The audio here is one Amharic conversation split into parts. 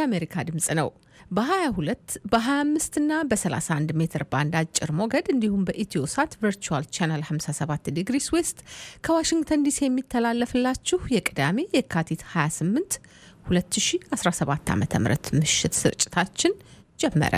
የአሜሪካ ድምፅ ነው። በ22 በ25 እና በ31 ሜትር ባንድ አጭር ሞገድ እንዲሁም በኢትዮ ሳት ቨርቹዋል ቻናል 57 ዲግሪስ ዌስት ከዋሽንግተን ዲሲ የሚተላለፍላችሁ የቅዳሜ የካቲት 28 2017 ዓ ም ምሽት ስርጭታችን ጀመረ።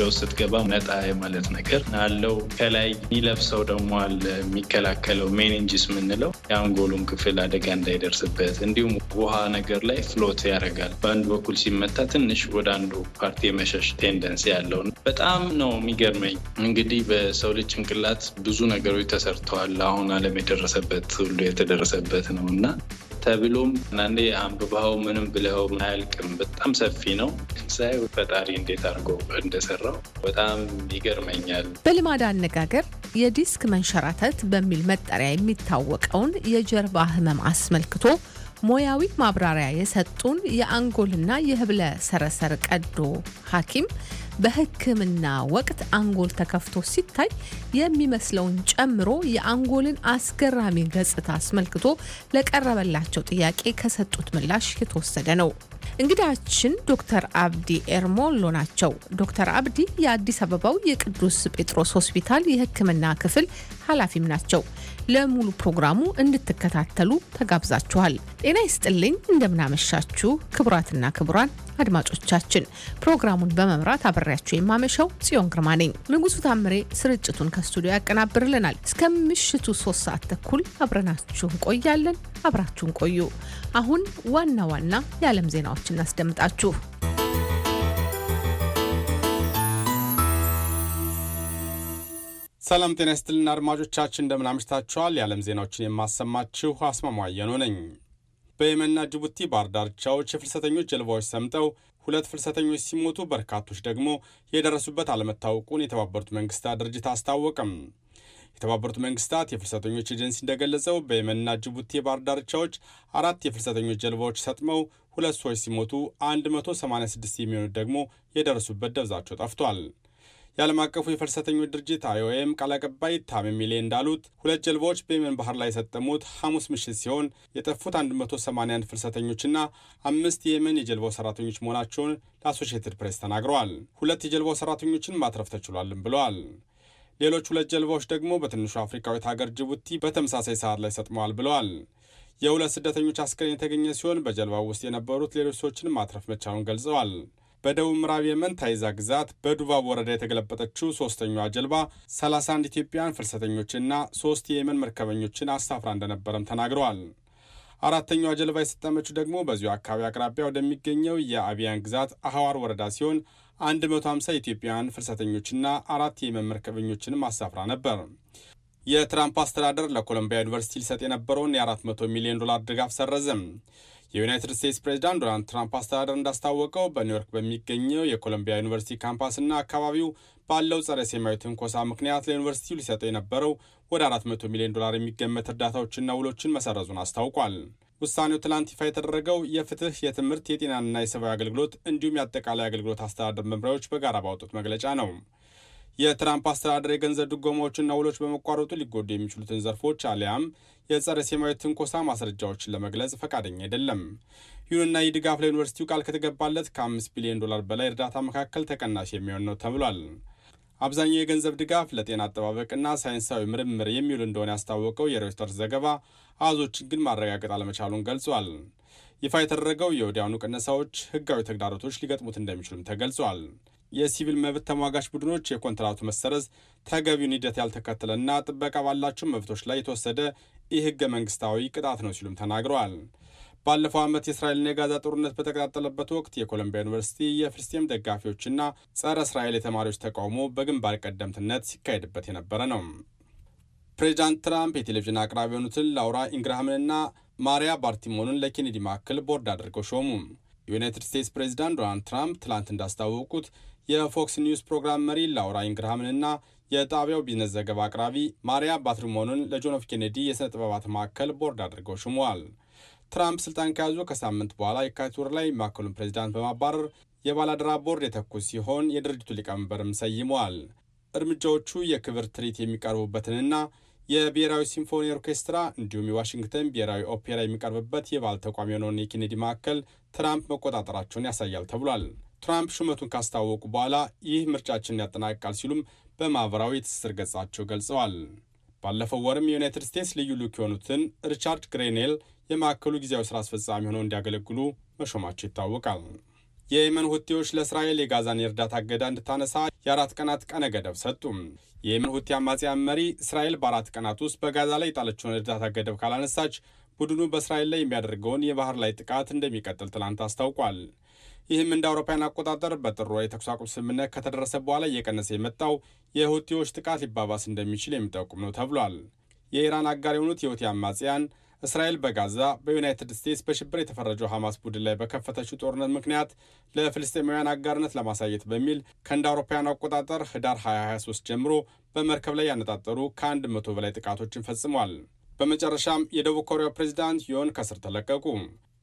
ወደ ውስጥ ስትገባ ነጣ የማለት ነገር አለው። ከላይ የሚለብሰው ደግሞ አለ የሚከላከለው ሜኔንጂስ የምንለው የአንጎሉን ክፍል አደጋ እንዳይደርስበት፣ እንዲሁም ውሃ ነገር ላይ ፍሎት ያደርጋል። በአንድ በኩል ሲመታ ትንሽ ወደ አንዱ ፓርቲ የመሸሽ ቴንደንስ ያለው በጣም ነው የሚገርመኝ። እንግዲህ በሰው ልጅ ጭንቅላት ብዙ ነገሮች ተሰርተዋል። አሁን አለም የደረሰበት ሁሉ የተደረሰበት ነው እና ተብሎም አንዳንዴ አንብባኸው ምንም ብለኸው አያልቅም። በጣም ሰፊ ነው። ሳይ ፈጣሪ እንዴት አድርጎ እንደሰራው በጣም ይገርመኛል። በልማድ አነጋገር የዲስክ መንሸራተት በሚል መጠሪያ የሚታወቀውን የጀርባ ህመም አስመልክቶ ሙያዊ ማብራሪያ የሰጡን የአንጎልና የህብለ ሰረሰር ቀዶ ሐኪም በሕክምና ወቅት አንጎል ተከፍቶ ሲታይ የሚመስለውን ጨምሮ የአንጎልን አስገራሚ ገጽታ አስመልክቶ ለቀረበላቸው ጥያቄ ከሰጡት ምላሽ የተወሰደ ነው። እንግዳችን ዶክተር አብዲ ኤርሞሎ ናቸው። ዶክተር አብዲ የአዲስ አበባው የቅዱስ ጴጥሮስ ሆስፒታል የህክምና ክፍል ኃላፊም ናቸው። ለሙሉ ፕሮግራሙ እንድትከታተሉ ተጋብዛችኋል። ጤና ይስጥልኝ፣ እንደምናመሻችሁ ክቡራትና ክቡራን አድማጮቻችን ፕሮግራሙን በመምራት አብሬያችሁ የማመሸው ጽዮን ግርማ ነኝ። ንጉሱ ታምሬ ስርጭቱን ከስቱዲዮ ያቀናብርልናል። እስከ ምሽቱ ሶስት ሰዓት ተኩል አብረናችሁን ቆያለን። አብራችሁን ቆዩ። አሁን ዋና ዋና የዓለም ዜናዎች እናስደምጣችሁ። ሰላም ጤና ይስጥልን አድማጮቻችን እንደምን አምሽታችኋል። የዓለም ዜናዎችን የማሰማችሁ አስማማየኑ ነኝ። በየመንና ጅቡቲ ባህር ዳርቻዎች የፍልሰተኞች ጀልባዎች ሰምጠው ሁለት ፍልሰተኞች ሲሞቱ በርካቶች ደግሞ የደረሱበት አለመታወቁን የተባበሩት መንግስታት ድርጅት አስታወቀም። የተባበሩት መንግስታት የፍልሰተኞች ኤጀንሲ እንደገለጸው በየመንና ጅቡቲ የባህር ዳርቻዎች አራት የፍልሰተኞች ጀልባዎች ሰጥመው ሁለት ሰዎች ሲሞቱ 186 የሚሆኑት ደግሞ የደረሱበት ደብዛቸው ጠፍቷል። የዓለም አቀፉ የፍልሰተኞች ድርጅት አይኦኤም ቃል አቀባይ ታሚ ሚሌ እንዳሉት ሁለት ጀልባዎች በየመን ባህር ላይ የሰጠሙት ሐሙስ ምሽት ሲሆን የጠፉት 181 ፍልሰተኞችና አምስት የየመን የጀልባው ሰራተኞች መሆናቸውን ለአሶሽትድ ፕሬስ ተናግረዋል። ሁለት የጀልባው ሰራተኞችን ማትረፍ ተችሏልም ብለዋል። ሌሎች ሁለት ጀልባዎች ደግሞ በትንሹ አፍሪካዊት ሀገር ጅቡቲ በተመሳሳይ ሰዓት ላይ ሰጥመዋል ብለዋል። የሁለት ስደተኞች አስክሬን የተገኘ ሲሆን በጀልባው ውስጥ የነበሩት ሌሎች ሰዎችን ማትረፍ መቻሉን ገልጸዋል። በደቡብ ምዕራብ የመን ታይዛ ግዛት በዱባብ ወረዳ የተገለበጠችው ሶስተኛዋ ጀልባ 31 ኢትዮጵያውያን ፍልሰተኞችና ሶስት የየመን መርከበኞችን አሳፍራ እንደነበረም ተናግረዋል። አራተኛዋ ጀልባ የሰጠመችው ደግሞ በዚሁ አካባቢ አቅራቢያ ወደሚገኘው የአብያን ግዛት አህዋር ወረዳ ሲሆን 150 ኢትዮጵያውያን ፍልሰተኞችና አራት የመን መርከበኞችንም አሳፍራ ነበር። የትራምፕ አስተዳደር ለኮሎምቢያ ዩኒቨርሲቲ ሊሰጥ የነበረውን የ400 ሚሊዮን ዶላር ድጋፍ ሰረዘም። የዩናይትድ ስቴትስ ፕሬዚዳንት ዶናልድ ትራምፕ አስተዳደር እንዳስታወቀው በኒውዮርክ በሚገኘው የኮሎምቢያ ዩኒቨርሲቲ ካምፓስና አካባቢው ባለው ጸረ ሴማዊ ትንኮሳ ምክንያት ለዩኒቨርሲቲው ሊሰጠው የነበረው ወደ 400 ሚሊዮን ዶላር የሚገመት እርዳታዎችና ውሎችን መሰረዙን አስታውቋል። ውሳኔው ትላንት ይፋ የተደረገው የፍትህ፣ የትምህርት፣ የጤናና የሰብአዊ አገልግሎት እንዲሁም የአጠቃላይ አገልግሎት አስተዳደር መምሪያዎች በጋራ ባወጡት መግለጫ ነው። የትራምፕ አስተዳደር የገንዘብ ድጎማዎችና ውሎች በመቋረጡ ሊጎዱ የሚችሉትን ዘርፎች አሊያም የጸረ ሴማዊ ትንኮሳ ማስረጃዎችን ለመግለጽ ፈቃደኛ አይደለም። ይሁንና ይህ ድጋፍ ለዩኒቨርሲቲው ቃል ከተገባለት ከ5 ቢሊዮን ዶላር በላይ እርዳታ መካከል ተቀናሽ የሚሆን ነው ተብሏል። አብዛኛው የገንዘብ ድጋፍ ለጤና አጠባበቅና ሳይንሳዊ ምርምር የሚውል እንደሆነ ያስታወቀው የሮይተርስ ዘገባ አዞችን ግን ማረጋገጥ አለመቻሉን ገልጿል። ይፋ የተደረገው የወዲያውኑ ቅነሳዎች ህጋዊ ተግዳሮቶች ሊገጥሙት እንደሚችሉም ተገልጿል። የሲቪል መብት ተሟጋች ቡድኖች የኮንትራቱ መሰረዝ ተገቢውን ሂደት ያልተከተለና ጥበቃ ባላቸው መብቶች ላይ የተወሰደ ይህ ህገ መንግስታዊ ቅጣት ነው ሲሉም ተናግረዋል። ባለፈው ዓመት የእስራኤልና የጋዛ ጦርነት በተቀጣጠለበት ወቅት የኮሎምቢያ ዩኒቨርሲቲ የፍልስጤም ደጋፊዎችና ጸረ እስራኤል የተማሪዎች ተቃውሞ በግንባር ቀደምትነት ሲካሄድበት የነበረ ነው። ፕሬዚዳንት ትራምፕ የቴሌቪዥን አቅራቢ የሆኑትን ላውራ ኢንግራሃምንና ማሪያ ባርቲሞንን ለኬኔዲ ማዕከል ቦርድ አድርገው ሾሙ። የዩናይትድ ስቴትስ ፕሬዚዳንት ዶናልድ ትራምፕ ትላንት እንዳስታወቁት የፎክስ ኒውስ ፕሮግራም መሪ ላውራ ኢንግርሃምንና የጣቢያው ቢዝነስ ዘገባ አቅራቢ ማሪያ ባትሩሞንን ለጆን ኤፍ ኬኔዲ የሥነ ጥበባት ማዕከል ቦርድ አድርገው ሹመዋል። ትራምፕ ስልጣን ከያዙ ከሳምንት በኋላ የካቲት ወር ላይ ማዕከሉን ፕሬዚዳንት በማባረር የባላደራ ቦርድ የተኩ ሲሆን የድርጅቱ ሊቀመንበርም ሰይመዋል። እርምጃዎቹ የክብር ትርኢት የሚቀርቡበትንና የብሔራዊ ሲምፎኒ ኦርኬስትራ እንዲሁም የዋሽንግተን ብሔራዊ ኦፔራ የሚቀርብበት የባህል ተቋም የሆነውን የኬኔዲ ማዕከል ትራምፕ መቆጣጠራቸውን ያሳያል ተብሏል። ትራምፕ ሹመቱን ካስታወቁ በኋላ ይህ ምርጫችንን ያጠናቅቃል ሲሉም በማኅበራዊ ትስስር ገጻቸው ገልጸዋል። ባለፈው ወርም የዩናይትድ ስቴትስ ልዩ ልክ የሆኑትን ሪቻርድ ግሬኔል የማዕከሉ ጊዜያዊ ስራ አስፈጻሚ ሆነው እንዲያገለግሉ መሾማቸው ይታወቃል። የየመን ሁቴዎች ለእስራኤል የጋዛን የእርዳታ እገዳ እንድታነሳ የአራት ቀናት ቀነ ገደብ ሰጡ። የየመን ሁቴ አማጽያን መሪ እስራኤል በአራት ቀናት ውስጥ በጋዛ ላይ የጣለችውን እርዳታ ገደብ ካላነሳች ቡድኑ በእስራኤል ላይ የሚያደርገውን የባህር ላይ ጥቃት እንደሚቀጥል ትላንት አስታውቋል። ይህም እንደ አውሮፓውያን አቆጣጠር በጥሩ የተኩስ አቁም ስምምነት ከተደረሰ በኋላ እየቀነሰ የመጣው የሁቲዎች ጥቃት ሊባባስ እንደሚችል የሚጠቁም ነው ተብሏል። የኢራን አጋር የሆኑት የሁቲ አማጽያን እስራኤል በጋዛ በዩናይትድ ስቴትስ በሽብር የተፈረጀው ሐማስ ቡድን ላይ በከፈተችው ጦርነት ምክንያት ለፍልስጤማውያን አጋርነት ለማሳየት በሚል ከእንደ አውሮፓውያን አቆጣጠር ህዳር 2023 ጀምሮ በመርከብ ላይ ያነጣጠሩ ከአንድ መቶ በላይ ጥቃቶችን ፈጽሟል። በመጨረሻም የደቡብ ኮሪያው ፕሬዚዳንት ዮን ከስር ተለቀቁ።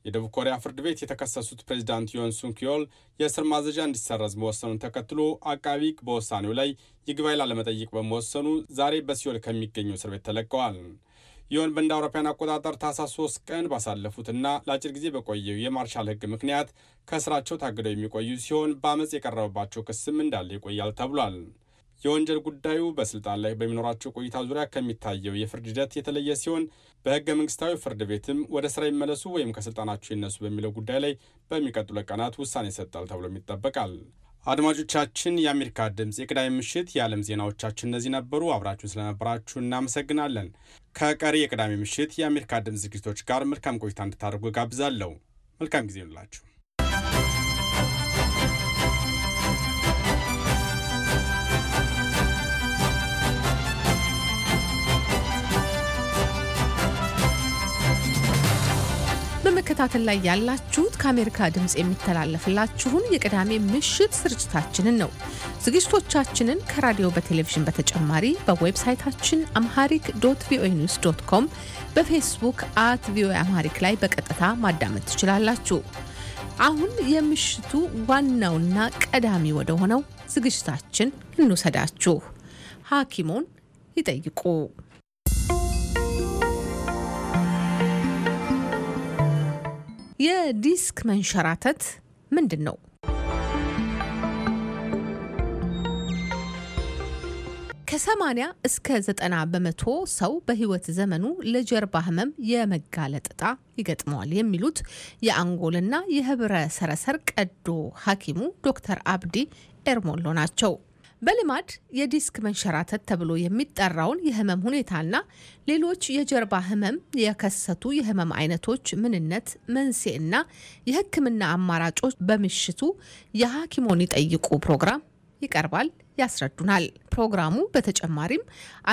የደቡብ ኮሪያ ፍርድ ቤት የተከሰሱት ፕሬዚዳንት ዮን ሱንኪዮል የእስር ማዘዣ እንዲሰረዝ መወሰኑን ተከትሎ አቃቢ ሕግ በውሳኔው ላይ ይግባኝ ላለመጠየቅ በመወሰኑ ዛሬ በሲዮል ከሚገኙ እስር ቤት ተለቀዋል። ዮን በእንደ አውሮፓውያን አቆጣጠር ታህሳስ 3 ቀን ባሳለፉትና ለአጭር ጊዜ በቆየው የማርሻል ሕግ ምክንያት ከስራቸው ታግደው የሚቆዩ ሲሆን በአመፅ የቀረበባቸው ክስም እንዳለ ይቆያል ተብሏል። የወንጀል ጉዳዩ በስልጣን ላይ በሚኖራቸው ቆይታ ዙሪያ ከሚታየው የፍርድ ሂደት የተለየ ሲሆን በህገ መንግስታዊ ፍርድ ቤትም ወደ ስራ ይመለሱ ወይም ከስልጣናቸው ይነሱ በሚለው ጉዳይ ላይ በሚቀጥሉት ቀናት ውሳኔ ይሰጣል ተብሎም ይጠበቃል። አድማጮቻችን፣ የአሜሪካ ድምፅ የቅዳሜ ምሽት የዓለም ዜናዎቻችን እነዚህ ነበሩ። አብራችሁን ስለነበራችሁ እናመሰግናለን። ከቀሪ የቅዳሜ ምሽት የአሜሪካ ድምፅ ዝግጅቶች ጋር መልካም ቆይታ እንድታደርጉ ጋብዛለሁ። መልካም ጊዜ ይሁንላችሁ። በመከታተል ላይ ያላችሁት ከአሜሪካ ድምፅ የሚተላለፍላችሁን የቅዳሜ ምሽት ስርጭታችንን ነው። ዝግጅቶቻችንን ከራዲዮ በቴሌቪዥን በተጨማሪ በዌብሳይታችን አምሃሪክ ዶት ቪኦኤ ኒውስ ዶት ኮም፣ በፌስቡክ አት ቪኦኤ አምሃሪክ ላይ በቀጥታ ማዳመጥ ትችላላችሁ። አሁን የምሽቱ ዋናውና ቀዳሚ ወደ ሆነው ዝግጅታችን እንውሰዳችሁ። ሐኪሞን ይጠይቁ የዲስክ መንሸራተት ምንድን ነው? ከሰማንያ እስከ ዘጠና በመቶ ሰው በህይወት ዘመኑ ለጀርባ ህመም የመጋለጥ እጣ ይገጥመዋል የሚሉት የአንጎልና የህብረ ሰረሰር ቀዶ ሐኪሙ ዶክተር አብዲ ኤርሞሎ ናቸው። በልማድ የዲስክ መንሸራተት ተብሎ የሚጠራውን የህመም ሁኔታና ሌሎች የጀርባ ህመም የከሰቱ የህመም አይነቶች ምንነት፣ መንስኤና የህክምና አማራጮች በምሽቱ የሐኪሞን ይጠይቁ ፕሮግራም ይቀርባል፣ ያስረዱናል። ፕሮግራሙ በተጨማሪም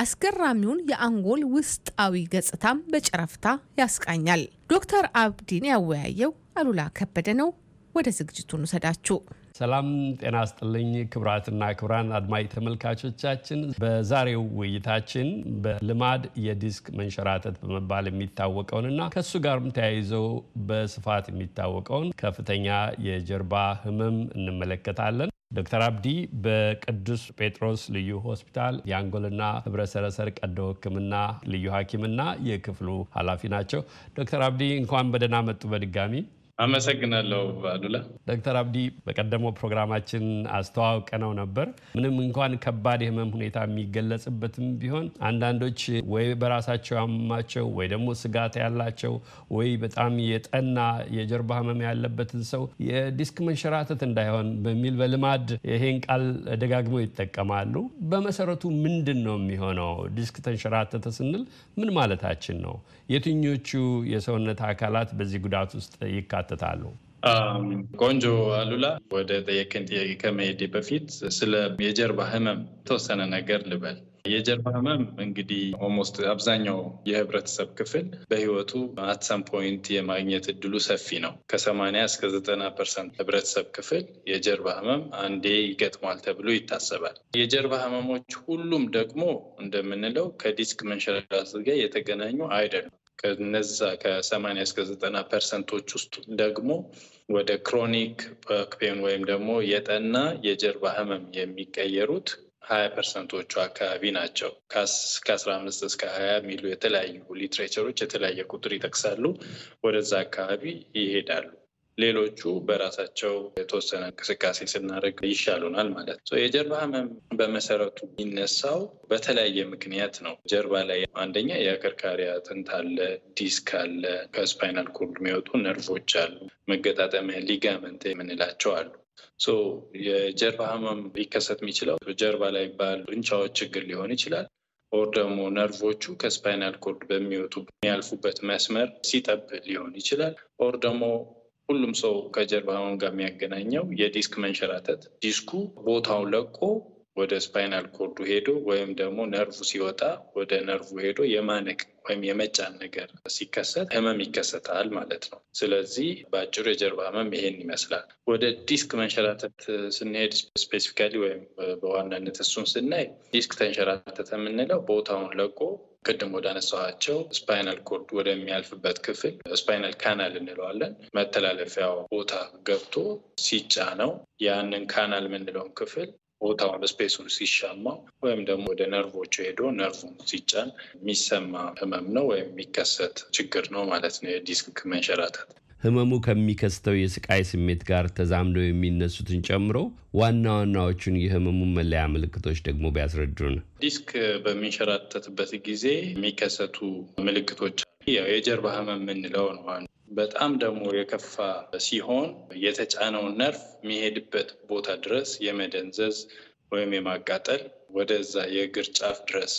አስገራሚውን የአንጎል ውስጣዊ ገጽታም በጨረፍታ ያስቃኛል። ዶክተር አብዲን ያወያየው አሉላ ከበደ ነው። ወደ ዝግጅቱ እንውሰዳችሁ። ሰላም ጤና ስጥልኝ ክብራትና ክብራን አድማጭ ተመልካቾቻችን፣ በዛሬው ውይይታችን በልማድ የዲስክ መንሸራተት በመባል የሚታወቀውንና ከእሱ ጋርም ተያይዞ በስፋት የሚታወቀውን ከፍተኛ የጀርባ ህመም እንመለከታለን። ዶክተር አብዲ በቅዱስ ጴጥሮስ ልዩ ሆስፒታል የአንጎልና ህብረሰረሰር ቀዶ ህክምና ልዩ ሀኪምና የክፍሉ ኃላፊ ናቸው። ዶክተር አብዲ እንኳን በደና መጡ በድጋሚ አመሰግናለሁ አሉላ። ዶክተር አብዲ በቀደሞ ፕሮግራማችን አስተዋውቀ ነው ነበር ምንም እንኳን ከባድ የህመም ሁኔታ የሚገለጽበትም ቢሆን አንዳንዶች ወይ በራሳቸው ያመማቸው ወይ ደግሞ ስጋት ያላቸው ወይ በጣም የጠና የጀርባ ህመም ያለበትን ሰው የዲስክ መንሸራተት እንዳይሆን በሚል በልማድ ይሄን ቃል ደጋግመው ይጠቀማሉ። በመሰረቱ ምንድን ነው የሚሆነው? ዲስክ ተንሸራተተ ስንል ምን ማለታችን ነው? የትኞቹ የሰውነት አካላት በዚህ ጉዳት ውስጥ ይካ ያካትታሉ? ቆንጆ አሉላ፣ ወደ ጠየቅን ጥያቄ ከመሄዴ በፊት ስለ የጀርባ ህመም የተወሰነ ነገር ልበል። የጀርባ ህመም እንግዲህ ኦልሞስት አብዛኛው የህብረተሰብ ክፍል በህይወቱ አትሰም ፖይንት የማግኘት እድሉ ሰፊ ነው። ከሰማንያ እስከ ዘጠና ፐርሰንት ህብረተሰብ ክፍል የጀርባ ህመም አንዴ ይገጥሟል ተብሎ ይታሰባል። የጀርባ ህመሞች ሁሉም ደግሞ እንደምንለው ከዲስክ መንሸራተት ጋር የተገናኙ አይደሉም። ከነዛ 8 እስከ ዘጠና ፐርሰንቶች ውስጥ ደግሞ ወደ ክሮኒክ ፔን ወይም ደግሞ የጠና የጀርባ ህመም የሚቀየሩት ሀያ ፐርሰንቶቹ አካባቢ ናቸው። ከአስራ አምስት እስከ ሀያ የሚሉ የተለያዩ ሊትሬቸሮች የተለያየ ቁጥር ይጠቅሳሉ። ወደዛ አካባቢ ይሄዳሉ። ሌሎቹ በራሳቸው የተወሰነ እንቅስቃሴ ስናደርግ ይሻሉናል ማለት ነው። የጀርባ ህመም በመሰረቱ የሚነሳው በተለያየ ምክንያት ነው። ጀርባ ላይ አንደኛ የአከርካሪ አጥንት አለ፣ ዲስክ አለ፣ ከስፓይናል ኮርድ የሚወጡ ነርቮች አሉ፣ መገጣጠሚያ ሊጋመንት የምንላቸው አሉ። ሶ የጀርባ ህመም ሊከሰት የሚችለው ጀርባ ላይ ባሉ ጡንቻዎች ችግር ሊሆን ይችላል ኦር ደግሞ ነርቮቹ ከስፓይናል ኮርድ በሚወጡ የሚያልፉበት መስመር ሲጠብ ሊሆን ይችላል። ኦር ደግሞ ሁሉም ሰው ከጀርባ ጋር የሚያገናኘው የዲስክ መንሸራተት ዲስኩ ቦታውን ለቆ ወደ ስፓይናል ኮርዱ ሄዶ ወይም ደግሞ ነርቭ ሲወጣ ወደ ነርቭ ሄዶ የማነቅ ወይም የመጫን ነገር ሲከሰት ህመም ይከሰታል ማለት ነው። ስለዚህ በአጭሩ የጀርባ ህመም ይሄን ይመስላል። ወደ ዲስክ መንሸራተት ስንሄድ ስፔሲፊካሊ ወይም በዋናነት እሱን ስናይ ዲስክ ተንሸራተተ የምንለው ቦታውን ለቆ ቅድም ወዳነሳኋቸው ስፓይናል ኮርድ ወደሚያልፍበት ክፍል ስፓይናል ካናል እንለዋለን መተላለፊያው ቦታ ገብቶ ሲጫነው ያንን ካናል የምንለውን ክፍል ቦታውን ስፔሱን ሲሻማው ወይም ደግሞ ወደ ነርቮቹ ሄዶ ነርቭን ሲጫን የሚሰማ ህመም ነው ወይም የሚከሰት ችግር ነው ማለት ነው የዲስክ መንሸራተት። ህመሙ ከሚከስተው የስቃይ ስሜት ጋር ተዛምደው የሚነሱትን ጨምሮ ዋና ዋናዎቹን የህመሙ መለያ ምልክቶች ደግሞ ቢያስረዱን። ዲስክ በሚንሸራተትበት ጊዜ የሚከሰቱ ምልክቶች ያው የጀርባ ህመም የምንለው ነው። በጣም ደግሞ የከፋ ሲሆን የተጫነውን ነርፍ የሚሄድበት ቦታ ድረስ የመደንዘዝ ወይም የማቃጠል ወደዛ የእግር ጫፍ ድረስ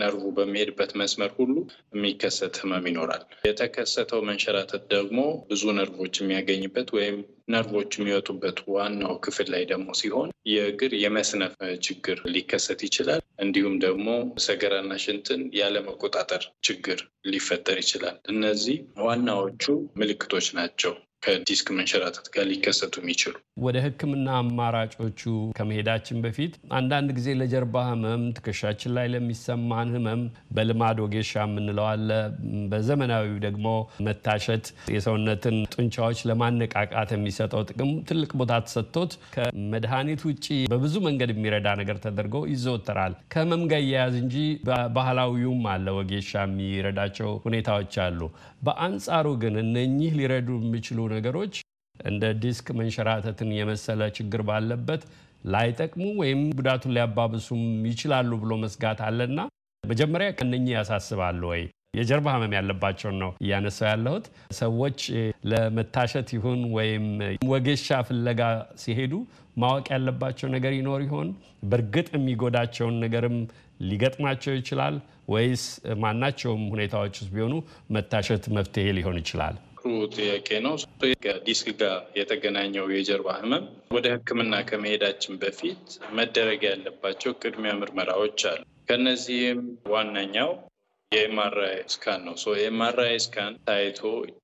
ነርቡ በሚሄድበት መስመር ሁሉ የሚከሰት ህመም ይኖራል። የተከሰተው መንሸራተት ደግሞ ብዙ ነርቮች የሚያገኝበት ወይም ነርቮች የሚወጡበት ዋናው ክፍል ላይ ደግሞ ሲሆን የእግር የመስነፍ ችግር ሊከሰት ይችላል። እንዲሁም ደግሞ ሰገራና ሽንትን ያለመቆጣጠር ችግር ሊፈጠር ይችላል። እነዚህ ዋናዎቹ ምልክቶች ናቸው ከዲስክ መንሸራተት ጋር ሊከሰቱ የሚችሉ ወደ ህክምና አማራጮቹ ከመሄዳችን በፊት አንዳንድ ጊዜ ለጀርባ ህመም፣ ትከሻችን ላይ ለሚሰማን ህመም በልማድ ወጌሻ የምንለው አለ። በዘመናዊው ደግሞ መታሸት የሰውነትን ጡንቻዎች ለማነቃቃት የሚሰጠው ጥቅም ትልቅ ቦታ ተሰጥቶት ከመድኃኒት ውጭ በብዙ መንገድ የሚረዳ ነገር ተደርጎ ይዘወተራል። ከህመም ጋር እያያዝ እንጂ ባህላዊውም አለ ወጌሻ የሚረዳቸው ሁኔታዎች አሉ። በአንጻሩ ግን እነኚህ ሊረዱ የሚችሉ ነገሮች እንደ ዲስክ መንሸራተትን የመሰለ ችግር ባለበት ላይጠቅሙ ወይም ጉዳቱን ሊያባብሱም ይችላሉ ብሎ መስጋት አለና መጀመሪያ ከእነኚህ ያሳስባሉ ወይ? የጀርባ ህመም ያለባቸውን ነው እያነሳው ያለሁት። ሰዎች ለመታሸት ይሁን ወይም ወገሻ ፍለጋ ሲሄዱ ማወቅ ያለባቸው ነገር ይኖር ይሆን? በእርግጥ የሚጎዳቸውን ነገርም ሊገጥማቸው ይችላል ወይስ ማናቸውም ሁኔታዎች ውስጥ ቢሆኑ መታሸት መፍትሄ ሊሆን ይችላል? ጥሩ ጥያቄ ነው። ከዲስክ ጋር የተገናኘው የጀርባ ህመም ወደ ህክምና ከመሄዳችን በፊት መደረግ ያለባቸው ቅድሚያ ምርመራዎች አሉ። ከነዚህም ዋነኛው የኤምአርአይ ስካን ነው። የኤምአርአይ ስካን ታይቶ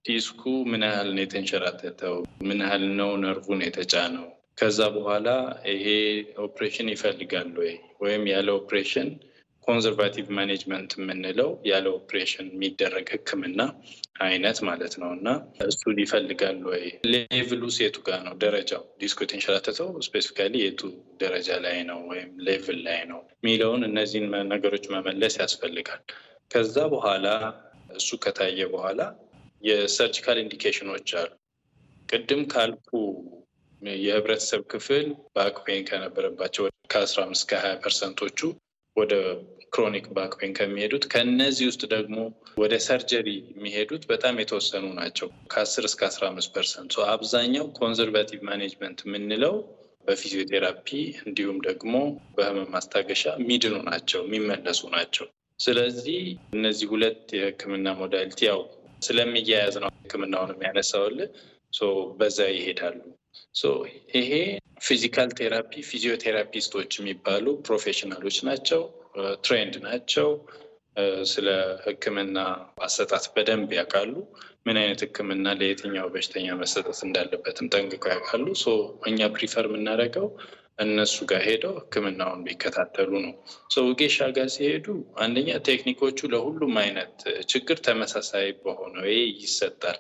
ዲስኩ ምን ያህል ነው የተንሸራተተው፣ ምን ያህል ነው ነርቡን የተጫነው፣ ከዛ በኋላ ይሄ ኦፕሬሽን ይፈልጋል ወይ ወይም ያለ ኦፕሬሽን ኮንዘርቫቲቭ ማኔጅመንት የምንለው ያለ ኦፕሬሽን የሚደረግ ህክምና አይነት ማለት ነው እና እሱን ይፈልጋሉ ወይ? ሌቭሉ ሴቱ ጋር ነው ደረጃው? ዲስኩት የተንሸራተተው ስፔሲፊካሊ የቱ ደረጃ ላይ ነው ወይም ሌቭል ላይ ነው የሚለውን እነዚህን ነገሮች መመለስ ያስፈልጋል። ከዛ በኋላ እሱ ከታየ በኋላ የሰርጂካል ኢንዲኬሽኖች አሉ። ቅድም ካልኩ የህብረተሰብ ክፍል ባክ ከነበረባቸው ከአስራ አምስት ከሀያ ፐርሰንቶቹ ወደ ክሮኒክ ባክፔን ከሚሄዱት ከነዚህ ውስጥ ደግሞ ወደ ሰርጀሪ የሚሄዱት በጣም የተወሰኑ ናቸው። ከ10 እስከ 15 ፐርሰንት። አብዛኛው ኮንዘርቫቲቭ ማኔጅመንት የምንለው በፊዚዮቴራፒ እንዲሁም ደግሞ በህመም ማስታገሻ የሚድኑ ናቸው፣ የሚመለሱ ናቸው። ስለዚህ እነዚህ ሁለት የህክምና ሞዳሊቲ ያው ስለሚያያዝ ነው ህክምናውን የሚያነሳውል በዛ ይሄዳሉ። ይሄ ፊዚካል ቴራፒ ፊዚዮቴራፒስቶች የሚባሉ ፕሮፌሽናሎች ናቸው፣ ትሬንድ ናቸው። ስለ ህክምና አሰጣት በደንብ ያውቃሉ። ምን አይነት ህክምና ለየትኛው በሽተኛ መሰጠት እንዳለበትም ጠንቅቀው ያውቃሉ። እኛ ፕሪፈር የምናደርገው እነሱ ጋር ሄደው ህክምናውን ቢከታተሉ ነው። ውጌሻ ጋር ሲሄዱ አንደኛ ቴክኒኮቹ ለሁሉም አይነት ችግር ተመሳሳይ በሆነ ይሰጣል።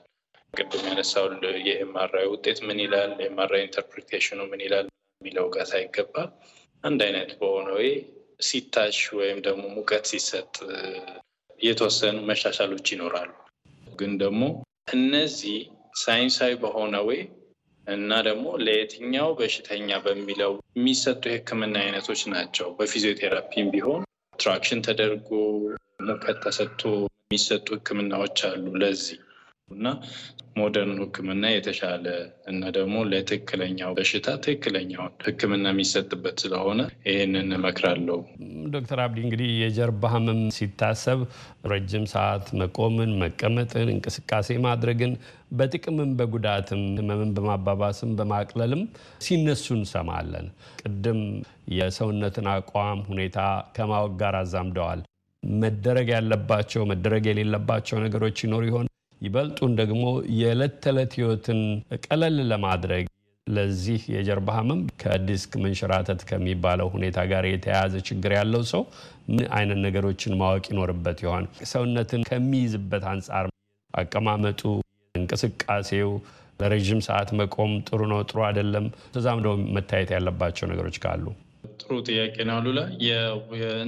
ቅድም ያነሳው የኤምአርአይ ውጤት ምን ይላል፣ ኤምአርአይ ኢንተርፕሪቴሽኑ ምን ይላል የሚለው እውቀት አይገባ አንድ አይነት በሆነ ወይ ሲታሽ ወይም ደግሞ ሙቀት ሲሰጥ የተወሰኑ መሻሻሎች ይኖራሉ። ግን ደግሞ እነዚህ ሳይንሳዊ በሆነ ወይ እና ደግሞ ለየትኛው በሽተኛ በሚለው የሚሰጡ የሕክምና አይነቶች ናቸው። በፊዚዮቴራፒም ቢሆን ትራክሽን ተደርጎ ሙቀት ተሰጥቶ የሚሰጡ ሕክምናዎች አሉ ለዚህ እና ሞደርን ህክምና የተሻለ እና ደግሞ ለትክክለኛው በሽታ ትክክለኛውን ህክምና የሚሰጥበት ስለሆነ ይህንን እመክራለሁ። ዶክተር አብዲ እንግዲህ የጀርባ ህመም ሲታሰብ ረጅም ሰዓት መቆምን፣ መቀመጥን፣ እንቅስቃሴ ማድረግን በጥቅምም በጉዳትም ህመምን በማባባስም በማቅለልም ሲነሱ እንሰማለን። ቅድም የሰውነትን አቋም ሁኔታ ከማወቅ ጋር አዛምደዋል። መደረግ ያለባቸው መደረግ የሌለባቸው ነገሮች ይኖር ይሆን? ይበልጡን ደግሞ የዕለት ተዕለት ህይወትን ቀለል ለማድረግ ለዚህ የጀርባ ህመም ከዲስክ መንሸራተት ከሚባለው ሁኔታ ጋር የተያያዘ ችግር ያለው ሰው ምን አይነት ነገሮችን ማወቅ ይኖርበት ይሆን? ሰውነትን ከሚይዝበት አንጻር አቀማመጡ፣ እንቅስቃሴው፣ ለረዥም ሰዓት መቆም ጥሩ ነው፣ ጥሩ አይደለም፣ ተዛምደው መታየት ያለባቸው ነገሮች ካሉ ጥሩ ጥያቄ ነው አሉላ።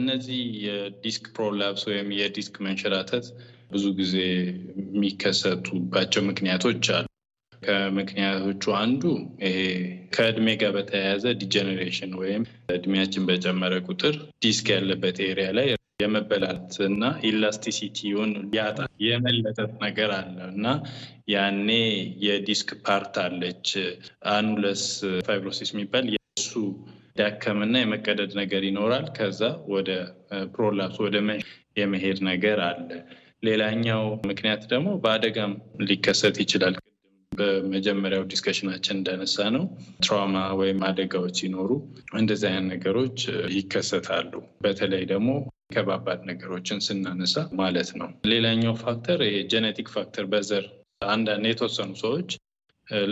እነዚህ የዲስክ ፕሮላፕስ ወይም የዲስክ መንሸራተት ብዙ ጊዜ የሚከሰቱባቸው ምክንያቶች አሉ። ከምክንያቶቹ አንዱ ይሄ ከእድሜ ጋር በተያያዘ ዲጀኔሬሽን ወይም እድሜያችን በጨመረ ቁጥር ዲስክ ያለበት ኤሪያ ላይ የመበላት እና ኢላስቲሲቲውን ያጣ የመለጠት ነገር አለ እና ያኔ የዲስክ ፓርት አለች አኑለስ ፋይብሮሲስ የሚባል የእሱ ዳከምና የመቀደድ ነገር ይኖራል። ከዛ ወደ ፕሮላፕስ ወደ የመሄድ ነገር አለ። ሌላኛው ምክንያት ደግሞ በአደጋም ሊከሰት ይችላል። በመጀመሪያው ዲስከሽናችን እንዳነሳ ነው ትራውማ ወይም አደጋዎች ሲኖሩ እንደዚህ አይነት ነገሮች ይከሰታሉ። በተለይ ደግሞ ከባባድ ነገሮችን ስናነሳ ማለት ነው። ሌላኛው ፋክተር የጀኔቲክ ፋክተር በዘር አንዳንድ የተወሰኑ ሰዎች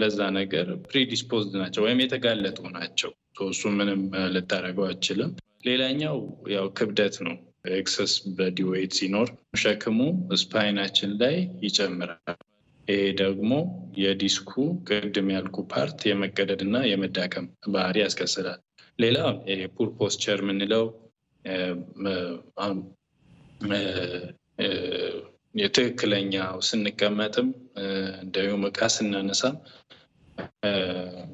ለዛ ነገር ፕሪዲስፖዝድ ናቸው ወይም የተጋለጡ ናቸው። እሱ ምንም ልታደርገው አችልም። ሌላኛው ያው ክብደት ነው። ኤክሰስ በዲ ዌይት ሲኖር ሸክሙ ስፓይናችን ላይ ይጨምራል። ይሄ ደግሞ የዲስኩ ቅድም ያልኩ ፓርት የመቀደድ እና የመዳከም ባህሪ ያስከስላል። ሌላ ፑር ፖስቸር የምንለው የትክክለኛው ስንቀመጥም እንዲሁም እቃ ስናነሳም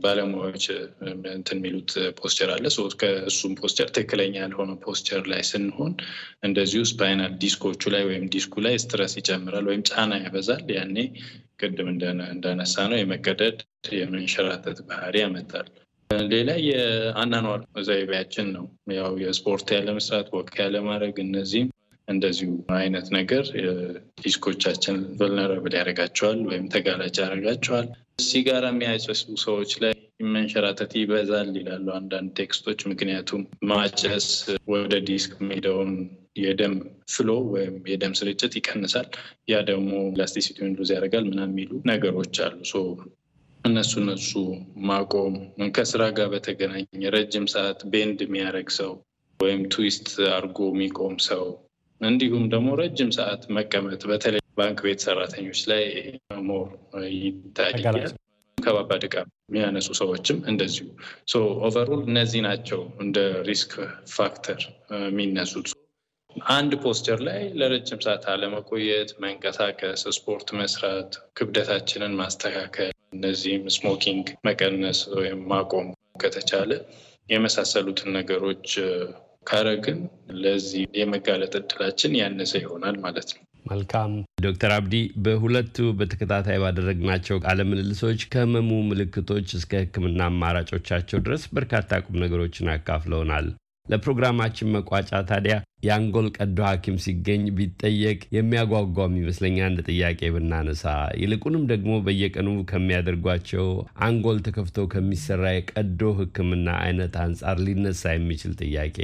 ባለሙያዎች እንትን የሚሉት ፖስቸር አለ። ከእሱም ፖስቸር ትክክለኛ ያልሆነ ፖስቸር ላይ ስንሆን እንደዚሁ ስፓይናል ዲስኮቹ ላይ ወይም ዲስኩ ላይ ስትረስ ይጨምራል ወይም ጫና ያበዛል። ያኔ ቅድም እንዳነሳ ነው የመቀደድ የመንሸራተት ባህሪ ያመጣል። ሌላ የአናኗር ዘይቤያችን ነው። ያው የስፖርት ያለመስራት፣ ወቅ ያለማድረግ እነዚህም እንደዚሁ አይነት ነገር ዲስኮቻችን ቨልነራብል ያደርጋቸዋል ወይም ተጋላጭ ያደርጋቸዋል። ሲጋራ የሚያጨሱ ሰዎች ላይ መንሸራተት ይበዛል ይላሉ አንዳንድ ቴክስቶች። ምክንያቱም ማጨስ ወደ ዲስክ የሚሄደውን የደም ፍሎ ወይም የደም ስርጭት ይቀንሳል። ያ ደግሞ ላስቲሲቲ ንዱዝ ያደርጋል ምናምን የሚሉ ነገሮች አሉ። እነሱ እነሱ ማቆም ከስራ ጋር በተገናኘ ረጅም ሰዓት ቤንድ የሚያደርግ ሰው ወይም ትዊስት አድርጎ የሚቆም ሰው እንዲሁም ደግሞ ረጅም ሰዓት መቀመጥ በተለይ ባንክ ቤት ሰራተኞች ላይ ሞር ይታያል። ከባባድ ዕቃ የሚያነሱ ሰዎችም እንደዚሁ። ኦቨርኦል እነዚህ ናቸው እንደ ሪስክ ፋክተር የሚነሱት። አንድ ፖስቸር ላይ ለረጅም ሰዓት አለመቆየት፣ መንቀሳቀስ፣ ስፖርት መስራት፣ ክብደታችንን ማስተካከል፣ እነዚህም ስሞኪንግ መቀነስ ወይም ማቆም ከተቻለ የመሳሰሉትን ነገሮች ካረግን ለዚህ የመጋለጥ እድላችን ያነሰ ይሆናል ማለት ነው። መልካም ዶክተር አብዲ በሁለቱ በተከታታይ ባደረግናቸው ቃለ ምልልሶች ከህመሙ ምልክቶች እስከ ህክምና አማራጮቻቸው ድረስ በርካታ ቁም ነገሮችን አካፍለውናል። ለፕሮግራማችን መቋጫ ታዲያ የአንጎል ቀዶ ሐኪም ሲገኝ ቢጠየቅ የሚያጓጓም ይመስለኛ እንደ ጥያቄ ብናነሳ ይልቁንም ደግሞ በየቀኑ ከሚያደርጓቸው አንጎል ተከፍቶ ከሚሰራ የቀዶ ህክምና አይነት አንጻር ሊነሳ የሚችል ጥያቄ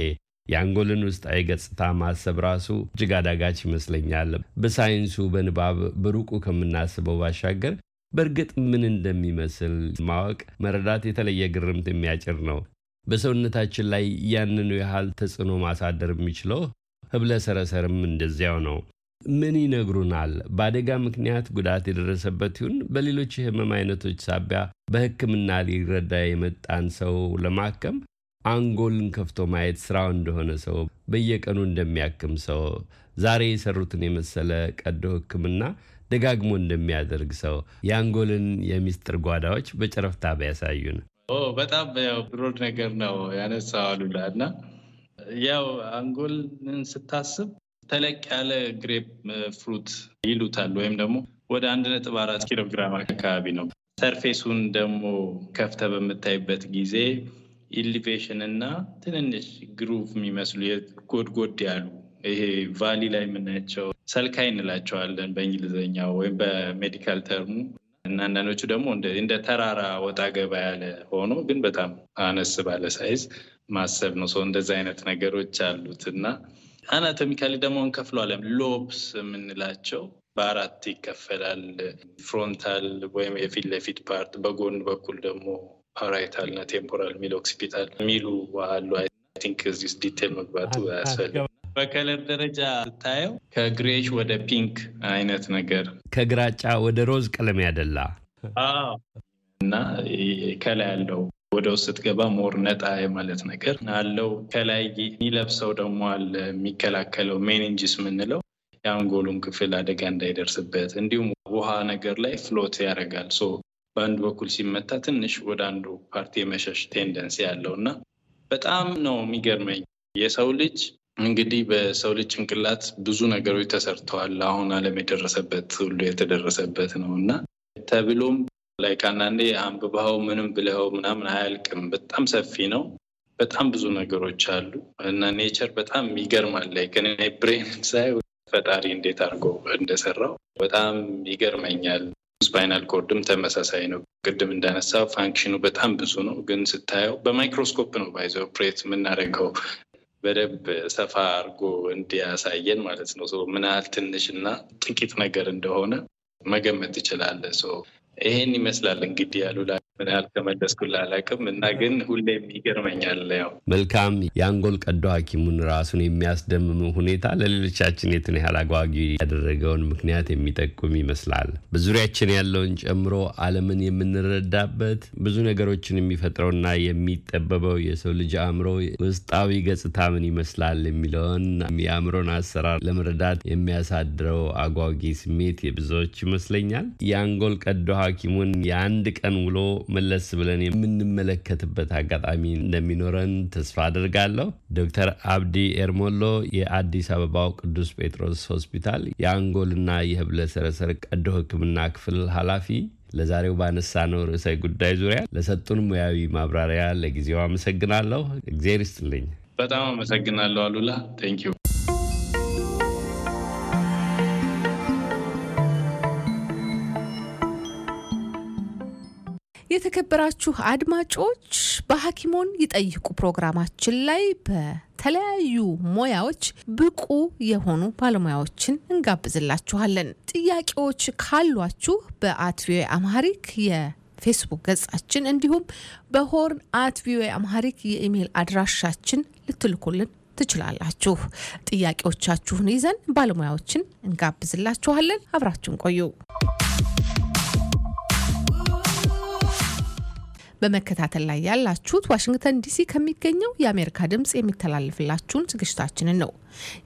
የአንጎልን ውስጣዊ ገጽታ ማሰብ ራሱ እጅግ አዳጋች ይመስለኛል። በሳይንሱ በንባብ በሩቁ ከምናስበው ባሻገር በእርግጥ ምን እንደሚመስል ማወቅ መረዳት የተለየ ግርምት የሚያጭር ነው። በሰውነታችን ላይ ያንኑ ያህል ተጽዕኖ ማሳደር የሚችለው ህብለ ሰረሰርም እንደዚያው ነው። ምን ይነግሩናል? በአደጋ ምክንያት ጉዳት የደረሰበት ይሁን በሌሎች የህመም አይነቶች ሳቢያ በሕክምና ሊረዳ የመጣን ሰው ለማከም አንጎልን ከፍቶ ማየት ስራው እንደሆነ ሰው በየቀኑ እንደሚያክም ሰው ዛሬ የሰሩትን የመሰለ ቀዶ ሕክምና ደጋግሞ እንደሚያደርግ ሰው የአንጎልን የሚስጥር ጓዳዎች በጨረፍታ ቢያሳዩን። በጣም ያው ብሮድ ነገር ነው ያነሳው አሉላ እና ያው አንጎልን ስታስብ ተለቅ ያለ ግሬፕ ፍሩት ይሉታል ወይም ደግሞ ወደ አንድ ነጥብ አራት ኪሎ ግራም አካባቢ ነው። ሰርፌሱን ደግሞ ከፍተ በምታይበት ጊዜ ኢሊቬሽን እና ትንንሽ ግሩቭ የሚመስሉ ጎድጎድ ያሉ ይሄ ቫሊ ላይ የምናያቸው ሰልካይ እንላቸዋለን በእንግሊዝኛ ወይም በሜዲካል ተርሙ እና አንዳንዶቹ ደግሞ እንደ ተራራ ወጣ ገባ ያለ ሆኖ ግን በጣም አነስ ባለ ሳይዝ ማሰብ ነው። ሰው እንደዚ አይነት ነገሮች አሉት እና አናቶሚካሊ ደግሞ እንከፍለዋለን። ሎብስ የምንላቸው በአራት ይከፈላል። ፍሮንታል ወይም የፊት ለፊት ፓርት፣ በጎን በኩል ደግሞ ፓራይታል እና ቴምፖራል የሚል ኦክሲፒታል የሚሉ አሉ። አይ ቲንክ እዚህ ዲቴል መግባቱ አያስፈልግም። በከለር ደረጃ ስታየው ከግሬሽ ወደ ፒንክ አይነት ነገር ከግራጫ ወደ ሮዝ ቀለም ያደላ እና ከላይ ያለው ወደ ውስጥ ስትገባ ሞር ነጣ የማለት ነገር አለው። ከላይ የሚለብሰው ደግሞ አለ የሚከላከለው ሜንንጅስ የምንለው የአንጎሉን ክፍል አደጋ እንዳይደርስበት፣ እንዲሁም ውሃ ነገር ላይ ፍሎት ያደርጋል። በአንድ በኩል ሲመታ ትንሽ ወደ አንዱ ፓርቲ የመሸሽ ቴንደንሲ ያለው እና በጣም ነው የሚገርመኝ። የሰው ልጅ እንግዲህ በሰው ልጅ ጭንቅላት ብዙ ነገሮች ተሰርተዋል። አሁን ዓለም የደረሰበት ሁሉ የተደረሰበት ነው እና ተብሎም ላይ ከአንዳንዴ አንብባኸው ምንም ብለው ምናምን አያልቅም። በጣም ሰፊ ነው። በጣም ብዙ ነገሮች አሉ እና ኔቸር በጣም ይገርማል። ላይ ግን ብሬን ሳይ ፈጣሪ እንዴት አድርጎ እንደሰራው በጣም ይገርመኛል። ስፓይናል ኮርድም ተመሳሳይ ነው። ቅድም እንዳነሳ ፋንክሽኑ በጣም ብዙ ነው፣ ግን ስታየው በማይክሮስኮፕ ነው ባይዘ ኦፕሬት የምናደርገው በደንብ ሰፋ አርጎ እንዲያሳየን ማለት ነው። ምን ያህል ትንሽ እና ጥቂት ነገር እንደሆነ መገመት ትችላለህ። ይሄን ይመስላል እንግዲህ ያሉላ ምን ያህል ከመለስኩልህ አላውቅም እና ግን ሁሌም ይገርመኛል። ያው መልካም የአንጎል ቀዶ ሀኪሙን ራሱን የሚያስደምም ሁኔታ ለሌሎቻችን የትን ያህል አጓጊ ያደረገውን ምክንያት የሚጠቁም ይመስላል። በዙሪያችን ያለውን ጨምሮ አለምን የምንረዳበት ብዙ ነገሮችን የሚፈጥረውና የሚጠበበው የሰው ልጅ አእምሮ ውስጣዊ ገጽታ ምን ይመስላል የሚለውን የአእምሮን አሰራር ለመረዳት የሚያሳድረው አጓጊ ስሜት የብዙዎች ይመስለኛል የአንጎል ቀዶ ሐኪሙን የአንድ ቀን ውሎ መለስ ብለን የምንመለከትበት አጋጣሚ እንደሚኖረን ተስፋ አድርጋለሁ። ዶክተር አብዲ ኤርሞሎ የአዲስ አበባው ቅዱስ ጴጥሮስ ሆስፒታል የአንጎልና የህብለ ሰረሰር ቀዶ ሕክምና ክፍል ኃላፊ ለዛሬው ባነሳነው ርዕሰ ጉዳይ ዙሪያ ለሰጡን ሙያዊ ማብራሪያ ለጊዜው አመሰግናለሁ። እግዜር ይስጥልኝ። በጣም አመሰግናለሁ አሉላ ቴንኪው። የተከበራችሁ አድማጮች በሐኪሞን ይጠይቁ ፕሮግራማችን ላይ በተለያዩ ሙያዎች ብቁ የሆኑ ባለሙያዎችን እንጋብዝላችኋለን። ጥያቄዎች ካሏችሁ በአት ቪኦኤ አማሪክ የፌስቡክ ገጻችን እንዲሁም በሆርን አት ቪኦኤ አማሪክ የኢሜይል አድራሻችን ልትልኩልን ትችላላችሁ። ጥያቄዎቻችሁን ይዘን ባለሙያዎችን እንጋብዝላችኋለን። አብራችሁን ቆዩ። በመከታተል ላይ ያላችሁት ዋሽንግተን ዲሲ ከሚገኘው የአሜሪካ ድምፅ የሚተላለፍላችሁን ዝግጅታችንን ነው።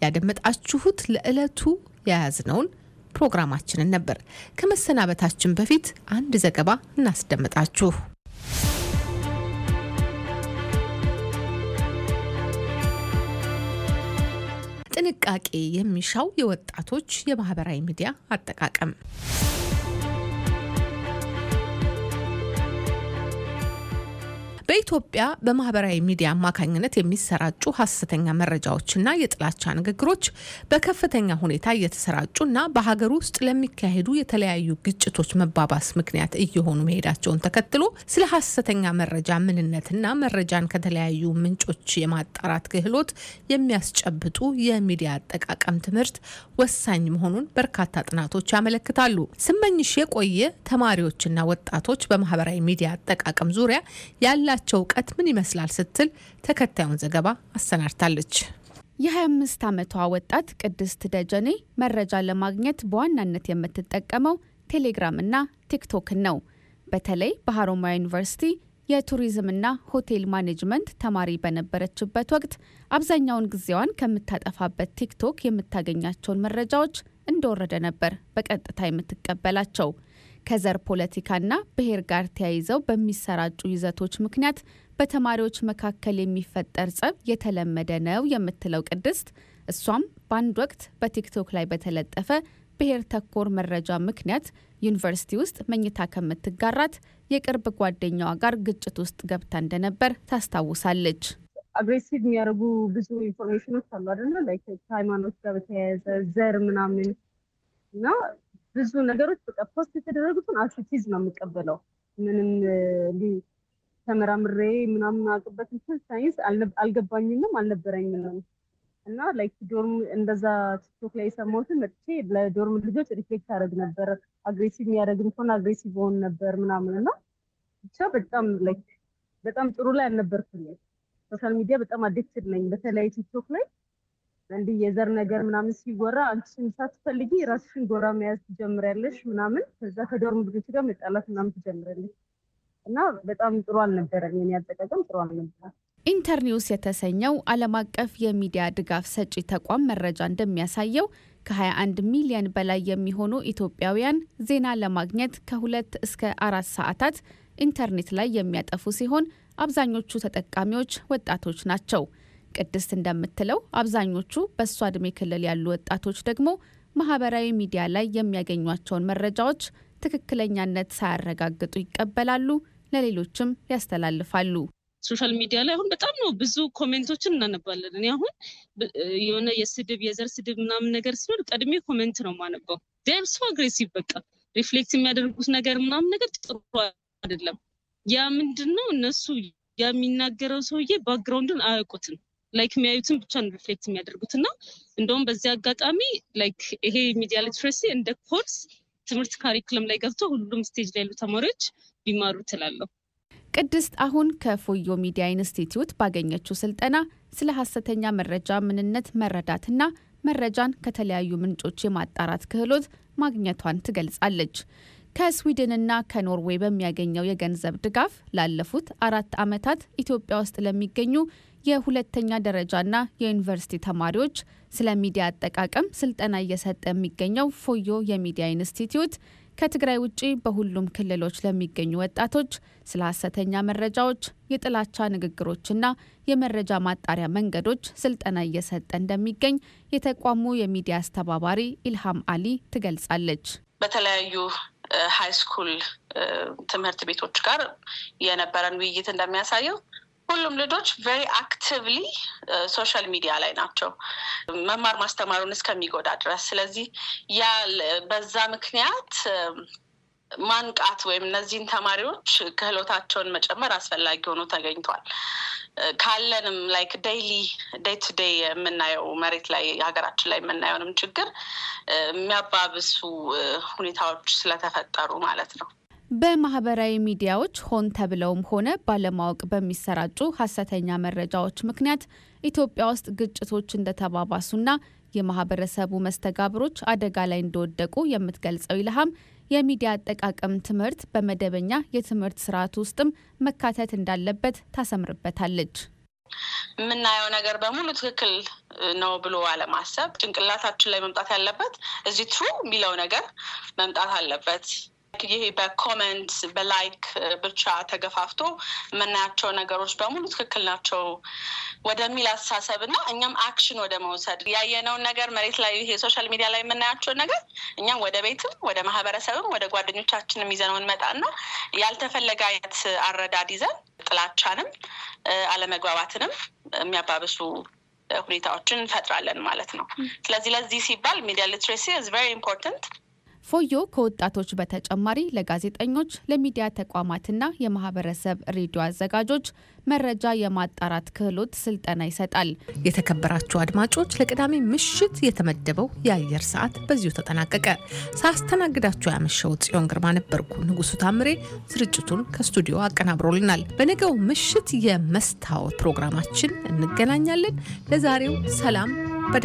ያደመጣችሁት ለዕለቱ የያዝነውን ፕሮግራማችንን ነበር። ከመሰናበታችን በፊት አንድ ዘገባ እናስደምጣችሁ። ጥንቃቄ የሚሻው የወጣቶች የማህበራዊ ሚዲያ አጠቃቀም በኢትዮጵያ በማህበራዊ ሚዲያ አማካኝነት የሚሰራጩ ሀሰተኛ መረጃዎችና የጥላቻ ንግግሮች በከፍተኛ ሁኔታ እየተሰራጩና በሀገር ውስጥ ለሚካሄዱ የተለያዩ ግጭቶች መባባስ ምክንያት እየሆኑ መሄዳቸውን ተከትሎ ስለ ሀሰተኛ መረጃ ምንነትና መረጃን ከተለያዩ ምንጮች የማጣራት ክህሎት የሚያስጨብጡ የሚዲያ አጠቃቀም ትምህርት ወሳኝ መሆኑን በርካታ ጥናቶች ያመለክታሉ። ስመኝሽ የቆየ ተማሪዎችና ወጣቶች በማህበራዊ ሚዲያ አጠቃቀም ዙሪያ ያላቸው ያላቸው እውቀት ምን ይመስላል ስትል ተከታዩን ዘገባ አሰናድታለች። የ25 ዓመቷ ወጣት ቅድስት ደጀኔ መረጃ ለማግኘት በዋናነት የምትጠቀመው ቴሌግራምና ቲክቶክን ነው። በተለይ በሀሮማያ ዩኒቨርሲቲ የቱሪዝምና ሆቴል ማኔጅመንት ተማሪ በነበረችበት ወቅት አብዛኛውን ጊዜዋን ከምታጠፋበት ቲክቶክ የምታገኛቸውን መረጃዎች እንደወረደ ነበር በቀጥታ የምትቀበላቸው። ከዘር ፖለቲካና ብሔር ጋር ተያይዘው በሚሰራጩ ይዘቶች ምክንያት በተማሪዎች መካከል የሚፈጠር ጸብ የተለመደ ነው የምትለው ቅድስት፣ እሷም በአንድ ወቅት በቲክቶክ ላይ በተለጠፈ ብሔር ተኮር መረጃ ምክንያት ዩኒቨርሲቲ ውስጥ መኝታ ከምትጋራት የቅርብ ጓደኛዋ ጋር ግጭት ውስጥ ገብታ እንደነበር ታስታውሳለች። አግሬሲቭ የሚያደርጉ ብዙ ኢንፎርሜሽኖች አሉ አደለ ላይክ ከሃይማኖት ጋር በተያያዘ ዘር ምናምን እና ብዙ ነገሮች በቃ ፖስት የተደረጉትን አስቲዝ ነው የምቀበለው። ምንም ተመራምሬ ምናምን አቅበት እንትን ሳይንስ አልገባኝምም አልነበረኝምም። እና ላይክ ዶርም እንደዛ ቲክቶክ ላይ የሰማሁትን መጥቼ ለዶርም ልጆች ሪፍሌክት አደረግ ነበር። አግሬሲቭ የሚያደርግም ከሆነ አግሬሲቭ ሆን ነበር ምናምን እና ብቻ በጣም ላይክ በጣም ጥሩ ላይ አልነበርኩኝም። ሶሻል ሚዲያ በጣም አዲክትድ ነኝ። በተለይ ቲክቶክ ላይ እንዲህ የዘር ነገር ምናምን ሲወራ አንቺም ሳትፈልጊ ራስሽን ጎራ መያዝ ትጀምሪያለሽ ምናምን፣ ከዛ ከዶርም ልጆች ጋር መጣላት ምናምን ትጀምሪያለሽ እና በጣም ጥሩ አልነበረም። የኔ አጠቃቀም ጥሩ አልነበረም። ኢንተርኒውስ የተሰኘው ዓለም አቀፍ የሚዲያ ድጋፍ ሰጪ ተቋም መረጃ እንደሚያሳየው ከ21 ሚሊዮን በላይ የሚሆኑ ኢትዮጵያውያን ዜና ለማግኘት ከሁለት እስከ አራት ሰዓታት ኢንተርኔት ላይ የሚያጠፉ ሲሆን አብዛኞቹ ተጠቃሚዎች ወጣቶች ናቸው። ቅድስት እንደምትለው አብዛኞቹ በእሷ እድሜ ክልል ያሉ ወጣቶች ደግሞ ማህበራዊ ሚዲያ ላይ የሚያገኟቸውን መረጃዎች ትክክለኛነት ሳያረጋግጡ ይቀበላሉ፣ ለሌሎችም ያስተላልፋሉ። ሶሻል ሚዲያ ላይ አሁን በጣም ነው ብዙ ኮሜንቶችን እናነባለን። እኔ አሁን የሆነ የስድብ የዘር ስድብ ምናምን ነገር ሲኖር ቀድሜ ኮሜንት ነው የማነባው። ሶ አግሬሲቭ በቃ ሪፍሌክት የሚያደርጉት ነገር ምናምን ነገር ጥሩ አይደለም። ያ ምንድን ነው እነሱ የሚናገረው ሰውዬ ባክግራውንዱን አያውቁትም። ላይክ የሚያዩትን ብቻ ነው ሪፍሌክት የሚያደርጉት እና እንደውም በዚህ አጋጣሚ ላይክ ይሄ ሚዲያ ሊትሬሲ እንደ ኮርስ ትምህርት ካሪክለም ላይ ገብቶ ሁሉም ስቴጅ ላይ ያሉ ተማሪዎች ቢማሩ ትላለሁ። ቅድስት አሁን ከፎዮ ሚዲያ ኢንስቲትዩት ባገኘችው ስልጠና ስለ ሀሰተኛ መረጃ ምንነት መረዳትና መረጃን ከተለያዩ ምንጮች የማጣራት ክህሎት ማግኘቷን ትገልጻለች። ከስዊድንና ከኖርዌይ በሚያገኘው የገንዘብ ድጋፍ ላለፉት አራት ዓመታት ኢትዮጵያ ውስጥ ለሚገኙ የሁለተኛ ደረጃና የዩኒቨርሲቲ ተማሪዎች ስለ ሚዲያ አጠቃቀም ስልጠና እየሰጠ የሚገኘው ፎዮ የሚዲያ ኢንስቲትዩት ከትግራይ ውጪ በሁሉም ክልሎች ለሚገኙ ወጣቶች ስለ ሀሰተኛ መረጃዎች፣ የጥላቻ ንግግሮችና የመረጃ ማጣሪያ መንገዶች ስልጠና እየሰጠ እንደሚገኝ የተቋሙ የሚዲያ አስተባባሪ ኢልሃም አሊ ትገልጻለች። በተለያዩ ሀይ ስኩል ትምህርት ቤቶች ጋር የነበረን ውይይት እንደሚያሳየው ሁሉም ልጆች ቬሪ አክቲቭሊ ሶሻል ሚዲያ ላይ ናቸው መማር ማስተማሩን እስከሚጎዳ ድረስ። ስለዚህ ያ በዛ ምክንያት ማንቃት ወይም እነዚህን ተማሪዎች ክህሎታቸውን መጨመር አስፈላጊ ሆኖ ተገኝቷል። ካለንም ላይክ ዴይሊ ዴይ ቱ ዴይ የምናየው መሬት ላይ ሀገራችን ላይ የምናየውንም ችግር የሚያባብሱ ሁኔታዎች ስለተፈጠሩ ማለት ነው። በማህበራዊ ሚዲያዎች ሆን ተብለውም ሆነ ባለማወቅ በሚሰራጩ ሀሰተኛ መረጃዎች ምክንያት ኢትዮጵያ ውስጥ ግጭቶች እንደተባባሱና የማህበረሰቡ መስተጋብሮች አደጋ ላይ እንደወደቁ የምትገልጸው ይልሃም የሚዲያ አጠቃቀም ትምህርት በመደበኛ የትምህርት ስርዓት ውስጥም መካተት እንዳለበት ታሰምርበታለች። የምናየው ነገር በሙሉ ትክክል ነው ብሎ አለማሰብ ጭንቅላታችን ላይ መምጣት ያለበት እዚህ ትሩ የሚለው ነገር መምጣት አለበት። ይሄ በኮመንት በላይክ ብቻ ተገፋፍቶ የምናያቸው ነገሮች በሙሉ ትክክል ናቸው ወደሚል አስተሳሰብ እና እኛም አክሽን ወደ መውሰድ ያየነውን ነገር መሬት ላይ ይሄ ሶሻል ሚዲያ ላይ የምናያቸውን ነገር እኛም ወደ ቤትም ወደ ማህበረሰብም ወደ ጓደኞቻችንም ይዘነው እንመጣና ያልተፈለገ አይነት አረዳድ ይዘን ጥላቻንም አለመግባባትንም የሚያባብሱ ሁኔታዎችን እንፈጥራለን ማለት ነው። ስለዚህ ለዚህ ሲባል ሚዲያ ሊትሬሲ ኢዝ ቨሪ ኢምፖርተንት ፎዮ ከወጣቶች በተጨማሪ ለጋዜጠኞች፣ ለሚዲያ ተቋማትና የማህበረሰብ ሬዲዮ አዘጋጆች መረጃ የማጣራት ክህሎት ስልጠና ይሰጣል። የተከበራችሁ አድማጮች፣ ለቅዳሜ ምሽት የተመደበው የአየር ሰዓት በዚሁ ተጠናቀቀ። ሳስተናግዳችሁ ያመሸው ጽዮን ግርማ ነበርኩ። ንጉሱ ታምሬ ስርጭቱን ከስቱዲዮ አቀናብሮልናል። በነገው ምሽት የመስታወት ፕሮግራማችን እንገናኛለን። ለዛሬው ሰላም።